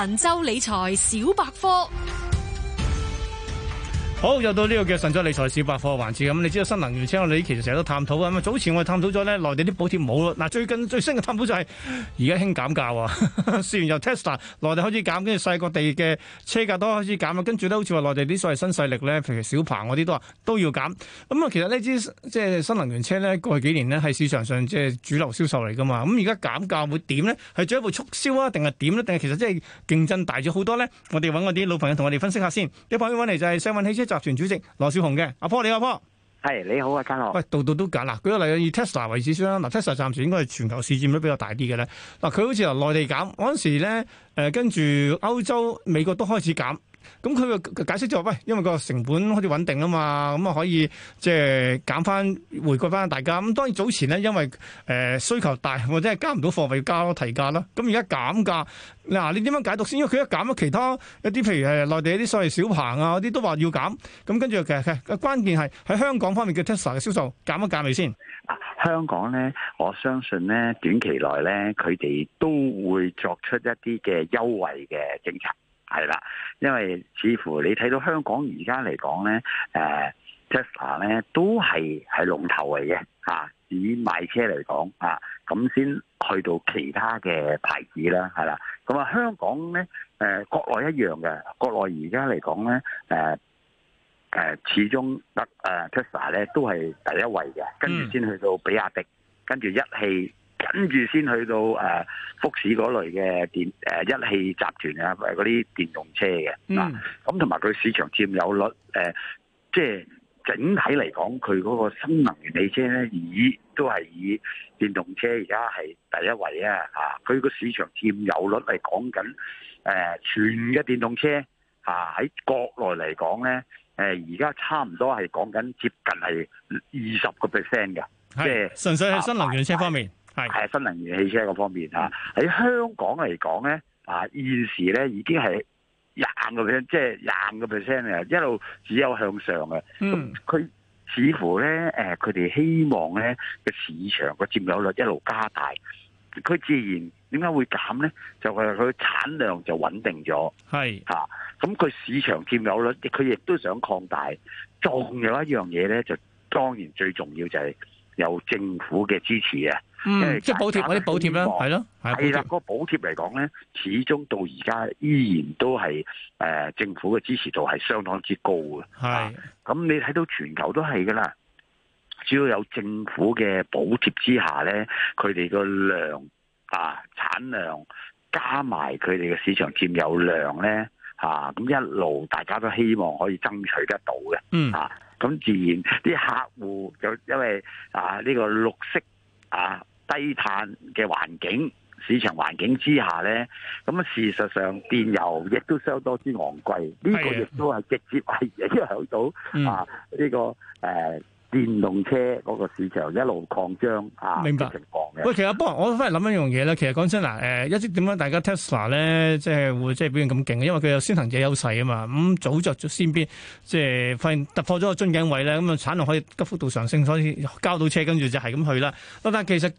神州理財小百科。好，又到呢個叫神州理財小百科嘅環節。咁，你知道新能源車我哋其實成日都探討啊嘛。早前我哋探討咗咧內地啲補貼冇啦，嗱，最近最新嘅探討就係而家興減價喎，試 完由 Tesla 內地開始減，跟住細個地嘅車價都開始減啦，跟住咧好似話內地啲所謂新勢力咧，譬如小鵬嗰啲都話都要減。咁啊，其實呢支即係新能源車咧，過去幾年咧係市場上即係主流銷售嚟噶嘛。咁而家減價會點咧？係做一步促銷啊？定係點咧？定係其實即係競爭大咗好多咧？我哋揾我啲老朋友同我哋分析下先。有朋友揾嚟就係世運汽車集團主席羅小紅嘅，阿波，你好阿波，係你好啊，嘉樂。喂，度度都減啦，舉個例以 Tesla 為例子啦，嗱 Tesla 暫時應該係全球市佔率比較大啲嘅咧，嗱佢好似由內地減，嗰陣時咧誒跟住歐洲美國都開始減。咁佢嘅解釋就話：喂，因為個成本開始穩定啊嘛，咁啊可以即係減翻，回饋翻大家。咁當然早前咧，因為、呃、需求大，或者係加唔到貨，咪要加咯提價咯。咁而家減價，嗱，你點樣解讀先？因為佢一減，其他一啲譬如誒內地一啲所謂小鵬啊嗰啲都話要減，咁跟住其實關鍵係喺香港方面嘅 Tesla 嘅銷售減一減你先。香港咧，我相信咧，短期內咧，佢哋都會作出一啲嘅優惠嘅政策。係啦，因為似乎你睇到香港而家嚟講咧，誒、呃、Tesla 咧都係係龍頭嚟嘅，吓、啊，以買車嚟講，吓、啊，咁先去到其他嘅牌子啦，係啦，咁啊香港咧，誒、呃，國內一樣嘅，國內而家嚟講咧，誒，誒，始終得誒、呃、Tesla 咧都係第一位嘅，跟住先去到比亞迪，跟住一汽。跟住先去到誒福士嗰類嘅電誒一汽集團啊，或者嗰啲電動車嘅，嗱，咁同埋佢市場佔有率、呃、即係整體嚟講，佢嗰個新能源汽車咧，以都係以電動車而家係第一位啊！啊，佢個市場佔有率係講緊誒全嘅電動車啊，喺國內嚟講咧，呃、而家差唔多係講緊接近係二十個 percent 嘅，即係的純粹喺新能源車方面。係新能源汽車個方面吓，喺香港嚟講咧，啊現時咧已經係廿個 percent，即係廿個 percent 啊一路只有向上嘅。嗯，佢似乎咧，誒佢哋希望咧個市場個佔有率一路加大，佢自然點解會減咧？就係、是、佢產量就穩定咗，係吓是、啊。咁佢市場佔有率，佢亦都想擴大。仲有一樣嘢咧，就當然最重要就係有政府嘅支持啊！嗯，嗯，即係補貼嗰啲補貼咧，係咯，係啦的，嗰個補貼嚟講咧，始終到而家依然都係誒、呃、政府嘅支持度係相當之高嘅。係的，咁、啊、你睇到全球都係噶啦，只要有政府嘅補貼之下咧，佢哋個量啊產量加埋佢哋嘅市場佔有量咧，吓、啊、咁一路大家都希望可以爭取得到嘅。嗯、啊，吓咁自然啲客戶就因為啊呢、這個綠色啊。低碳嘅環境市場環境之下咧，咁啊事實上電油亦都相當之昂貴，呢的個亦都係直接係影響到、嗯、啊呢、這個誒、呃、電動車嗰個市場一路擴張啊明白，情況嘅。喂，其實不過我翻嚟諗一樣嘢咧，其實講真嗱誒，一直點解大家 Tesla 咧即係會即係表現咁勁，因為佢有先行者優勢啊嘛，咁、嗯、早着咗先邊，即係發現突破咗個樽頸位咧，咁、嗯、啊產量可以急幅度上升，所以交到車，跟住就係咁去啦。但其實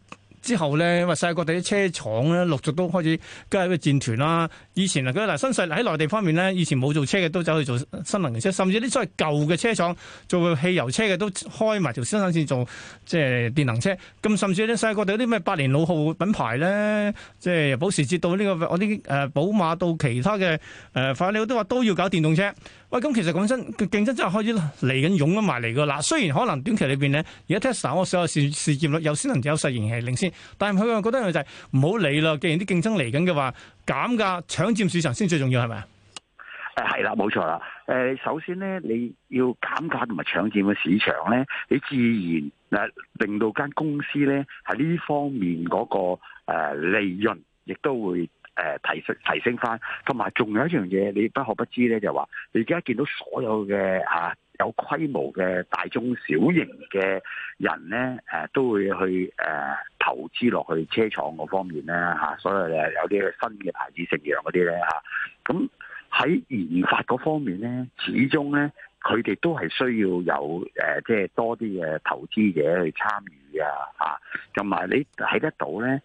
之後咧，因為世界各地啲車廠咧，陸續都開始加入個戰團啦。以前嗱嗱新勢喺內地方面咧，以前冇做車嘅都走去做新能源車，甚至啲所謂舊嘅車廠做汽油車嘅都開埋條新生產線做即係電能車。咁甚至啲世界各地啲咩百年老號品牌咧，即係由保時捷到呢、呢個我啲誒、呃、寶馬到其他嘅誒，反、呃、正都話都要搞電動車。喂，咁其實講真，競爭真係開始嚟緊，湧咗埋嚟㗎。嗱，雖然可能短期裏邊咧，而家 Tesla 我所有事市佔率又先能有實現係領先，但係佢又覺得佢就係唔好理啦。既然啲競爭嚟緊嘅話，減價搶佔市場先最重要係咪？誒係啦，冇錯啦。誒，首先咧，你要減價同埋搶佔嘅市場咧，你自然嗱令到間公司咧喺呢方面嗰個利潤亦都會。誒，提升提升翻，同埋仲有一樣嘢，你不可不知呢，就話你而家見到所有嘅吓、啊、有規模嘅大中小型嘅人呢，誒、啊、都會去誒、啊、投資落去車廠嗰方面啦。吓、啊，所有有啲新嘅牌子食羊嗰啲呢，吓、啊，咁喺研發嗰方面呢，始終呢，佢哋都係需要有誒即係多啲嘅投資者去參與啊，吓、就是，同、啊、埋你睇得到呢，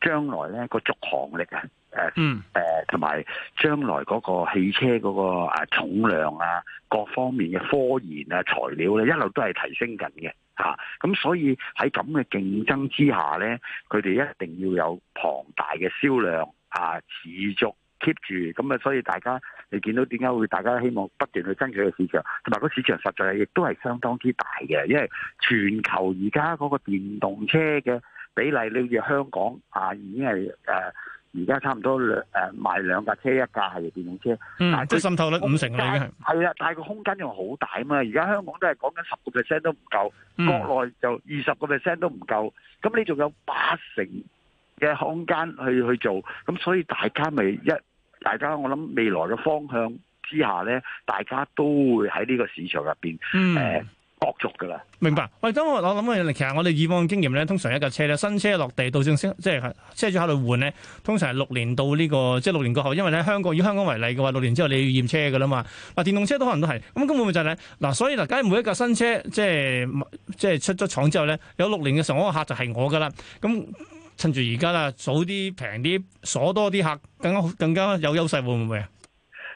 將來呢個續航力啊！誒，嗯，誒、啊，同埋將來嗰個汽車嗰個誒重量，啊，各方面嘅科研啊，材料咧，一路都係提升緊嘅，吓、啊，咁所以喺咁嘅競爭之下咧，佢哋一定要有龐大嘅銷量啊，持續 keep 住，咁啊，所以大家你見到點解會大家希望不斷去爭取個市場，同埋個市場實在係亦都係相當之大嘅，因為全球而家嗰個電動車嘅比例，你好似香港啊，已經係誒。啊而家差唔多兩誒賣兩架車，一架係電動車，嗯，即係滲透率五成嚟嘅，係啊，但係個空間又好大啊嘛！而家香港都係講緊十個 percent 都唔夠，國內就二十個 percent 都唔夠，咁你仲有八成嘅空間去去做，咁所以大家咪一大家，我諗未來嘅方向之下咧，大家都會喺呢個市場入邊誒。嗯角逐噶啦，明白？喂，咁我我諗嘅其實我哋以往嘅經驗咧，通常一架車咧，新車落地到正式即係車主考慮換咧，通常係六年到呢個，即係六年過後，因為咧香港以香港為例嘅話，六年之後你要驗車㗎啦嘛。嗱，電動車都可能都係。咁咁會唔會就係咧？嗱，所以嗱，假如每一架新車即係即係出咗廠之後咧，有六年嘅時候，嗰個客就係我噶啦。咁趁住而家啦，早啲平啲鎖多啲客，更加更加有優勢，會唔會啊？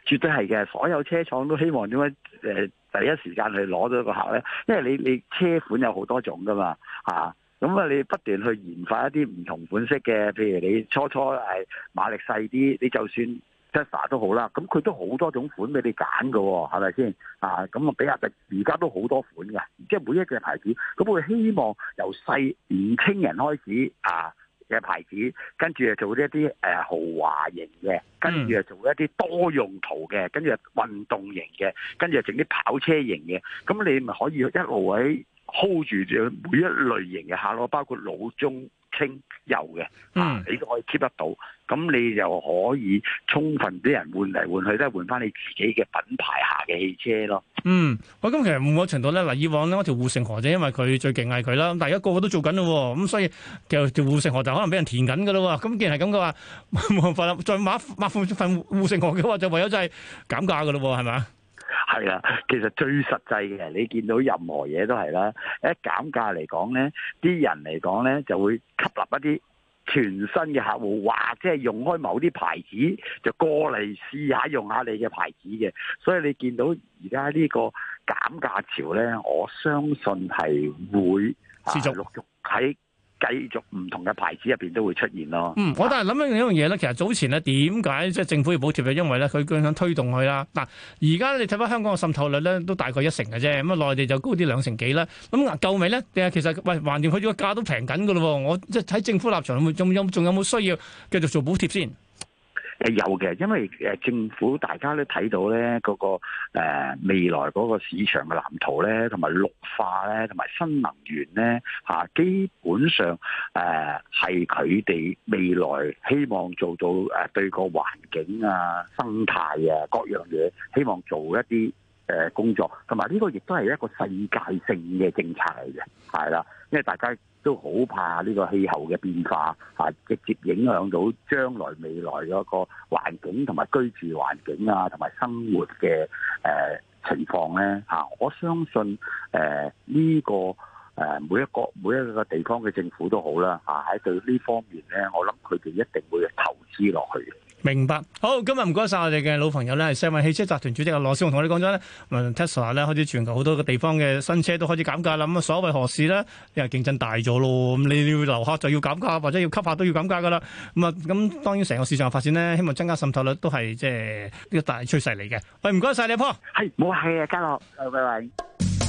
絕對係嘅，所有車廠都希望點解？誒，第一時間去攞到個客咧，因為你你車款有好多種噶嘛，嚇！咁啊，你不斷去研發一啲唔同款式嘅，譬如你初初係馬力細啲，你就算 Tesla 都好啦，咁佢都好多種款俾你揀㗎喎，係咪先？啊，咁啊，比亞迪而家都好多款㗎。即係每一隻牌子，咁佢希望由細年輕人開始啊。嘅牌子，跟住又做一啲誒豪華型嘅，跟住又做一啲多用途嘅，跟住運動型嘅，跟住整啲跑車型嘅，咁你咪可以一路喺 hold 住每一類型嘅下落，包括老中。清油嘅、嗯啊，你都可以 keep 得到，咁你就可以充分俾人換嚟換去，都係換翻你自己嘅品牌下嘅汽車咯。嗯，喂，咁其實某個程度咧，嗱，以往咧，我條護城河就因為佢最勁係佢啦，但係而家個個都做緊咯，咁所以條條護城河就可能俾人填緊噶啦，咁既然係咁嘅話，冇辦法啦，再抹抹份份護城河嘅話，就唯有就係減價噶咯，係咪？係啊，其實最實際嘅，你見到任何嘢都係啦。一減價嚟講呢，啲人嚟講呢，就會吸納一啲全新嘅客戶，或者係用開某啲牌子，就過嚟試下用下你嘅牌子嘅。所以你見到而家呢個減價潮呢，我相信係會啊陸續喺。繼續唔同嘅牌子入邊都會出現咯。嗯，我但係諗緊一樣嘢咧。其實早前咧，點解即係政府要補貼？就因為咧，佢想推動佢啦。嗱，而家你睇翻香港嘅滲透率咧，都大概一成嘅啫。咁啊，內地就高啲兩成幾啦。咁夠未咧？定係其實喂，橫掂佢個價都平緊噶咯。我即係喺政府立場，仲有仲有冇需要繼續做補貼先？誒有嘅，因為政府大家都睇到咧，嗰個誒未來嗰個市場嘅藍圖咧，同埋綠化咧，同埋新能源咧吓，基本上誒係佢哋未來希望做到誒對個環境啊、生態啊各樣嘢，希望做一啲。誒工作同埋呢個亦都係一個世界性嘅政策嚟嘅，係啦，因為大家都好怕呢個氣候嘅變化，直接影響到將來未來嗰個環境同埋居住環境啊，同埋生活嘅、呃、情況咧吓，我相信誒呢、呃這個誒、呃、每一個每一個地方嘅政府都好啦吓，喺、啊、對呢方面咧，我諗佢哋一定會投資落去。明白，好，今日唔該晒我哋嘅老朋友咧，係世運汽車集團主席啊，羅少雄同你講咗咧，Tesla 咧，開始全球好多個地方嘅新車都開始減價啦，咁啊所謂何事咧？因為競爭大咗咯，咁你要留客就要減價，或者要吸客都要減價噶啦，咁啊，咁當然成個市場發展咧，希望增加滲透率都係即係呢個大趨勢嚟嘅。喂，唔該晒你，阿波，係冇係啊，家樂，拜拜。